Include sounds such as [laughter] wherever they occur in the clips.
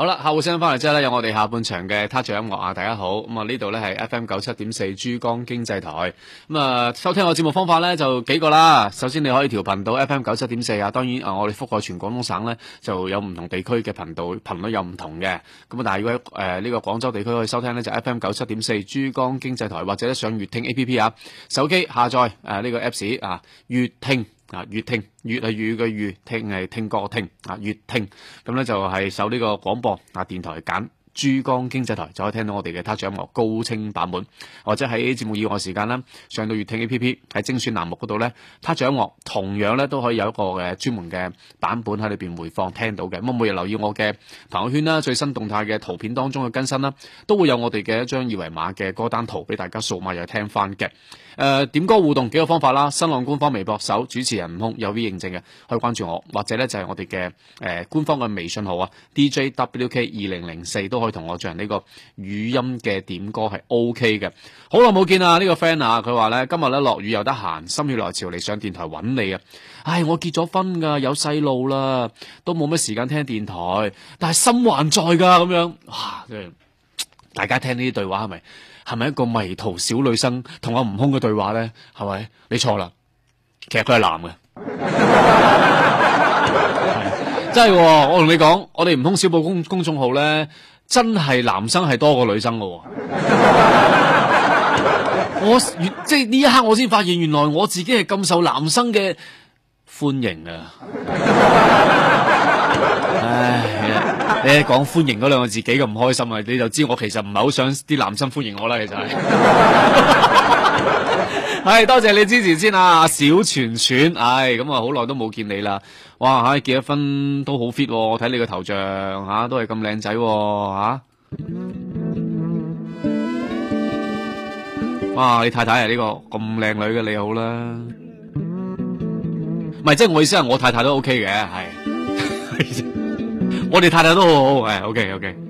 好啦，客戶聲音翻嚟之後呢，有我哋下半場嘅 touch 音樂啊！大家好，咁、嗯、啊呢度呢係 FM 九七點四珠江經濟台。咁、嗯、啊，收聽我節目方法呢就幾個啦。首先你可以調頻到 FM 九七點四啊，當然啊我哋覆蓋全廣東省呢，就有唔同地區嘅頻道頻率又唔同嘅。咁啊，但係如果誒呢、呃這個廣州地區可以收聽呢，就 FM 九七點四珠江經濟台，或者上粵聽 A P P 啊，手機下載誒呢個 Apps 啊，粵聽。啊，粵聽粵係粵語嘅粵，粵聽，係聽歌聽啊，粵聽，咁咧就係受呢個廣播啊電台揀。珠江經濟台就可以聽到我哋嘅他掌樂高清版本，或者喺節目以外的時間啦，上到粵聽 A P P，喺精選欄目嗰度呢，他掌樂同樣呢都可以有一個嘅專門嘅版本喺裏面回放聽到嘅。咁每日留意我嘅朋友圈啦，最新動態、嘅圖片當中嘅更新啦，都會有我哋嘅一張二維碼嘅歌單圖俾大家掃碼又聽翻嘅。誒、呃、點歌互動幾個方法啦，新浪官方微博搜主持人悟空有 V 認證嘅可以關注我，或者呢就係我哋嘅、呃、官方嘅微信號啊，D J W K 二零零四都。DJWK2004，可以同我進行呢個語音嘅點歌係 O K 嘅。好耐冇見、這個、啊，呢個 friend 啊，佢話咧今日咧落雨又得閒，心血來潮嚟上電台揾你啊。唉，我結咗婚噶，有細路啦，都冇乜時間聽電台，但係心還在噶咁樣。哇，即係大家聽呢啲對話係咪？係咪一個迷途小女生同阿悟空嘅對話咧？係咪？你錯啦，其實佢係男嘅。 [laughs] 真係、哦，我同你講，我哋悟空小寶公公眾號咧。真係男生係多過女生喎。我即係呢一刻我先發現原來我自己係咁受男生嘅歡迎啊！唉，你講歡迎嗰兩個字幾咁唔開心，你就知我其實唔係好想啲男生歡迎我啦，其實係。係多謝你支持先啊，小全全，唉，咁啊好耐都冇見你啦，哇，唉，結咗婚都好 fit，我睇你個頭像吓、啊、都係咁靚仔，吓、啊， [music] 哇，你太太係、啊、呢、這個咁靚女嘅，你好啦，唔係，即係我意思係我太太都 OK 嘅，係， [laughs] 我哋太太都好好，係 OK OK。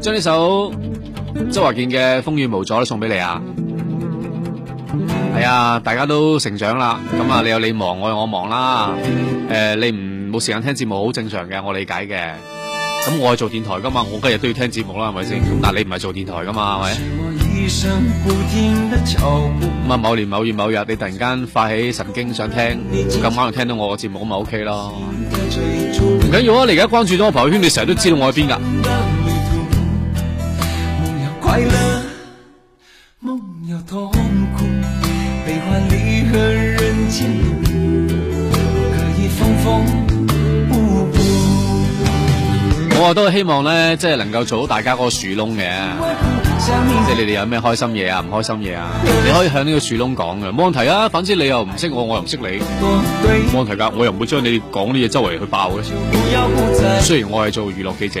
將呢首周華健嘅風雨無阻送俾你啊！係、哎、啊，大家都成長啦，咁啊，你有你忙，我有我忙啦。誒、呃，你唔冇時間聽節目，好正常嘅，我理解嘅。咁我係做電台噶嘛，我今日都要聽節目啦，係咪先？咁但係你唔係做電台噶嘛，係咪？咁啊，某年某月某日，你突然間發起神經想聽，咁啱又聽到我嘅節目，咁咪 OK 咯。唔緊要啊，你而家關注咗我朋友圈，你成日都知道我喺邊噶。我啊都係希望呢，即係能夠做好大家個樹窿嘅，即係你哋有咩開心嘢啊、唔開心嘢啊，你可以向呢個樹窿講嘅，冇問題啊。反正你又唔識我，我又唔識你，冇問題㗎啊，我又唔會將你講啲嘢周圍去爆嘅。雖然我係做娛樂記者。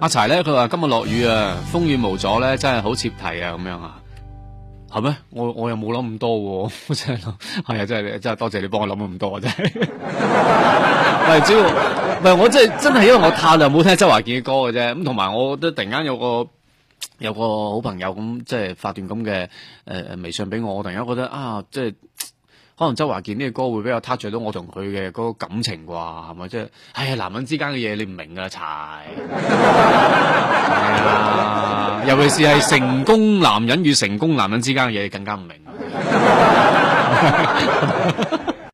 阿柴咧，佢話今日落雨啊，風雨無阻咧，真係好貼題啊。咁樣啊，係咩？我我又冇諗咁多啊，我真係諗，係啊，真係真係多謝你幫我諗咁多啊，真係。唔係 [laughs] [laughs] 主要，唔係我真係真係，因為我太耐冇聽周華健嘅歌嘅啫。咁同埋，我覺得突然間有個有個好朋友咁，即係發段咁嘅誒微信俾我，我突然間覺得啊，即係。可能周華健呢個歌會比較 touch 到我同佢嘅嗰個感情啩，係咪？即係，哎呀，男人之間嘅嘢你唔明噶啦，踩！係、哎、啊，尤其是係成功男人與成功男人之間嘅嘢，你更加唔明。 [laughs] [laughs]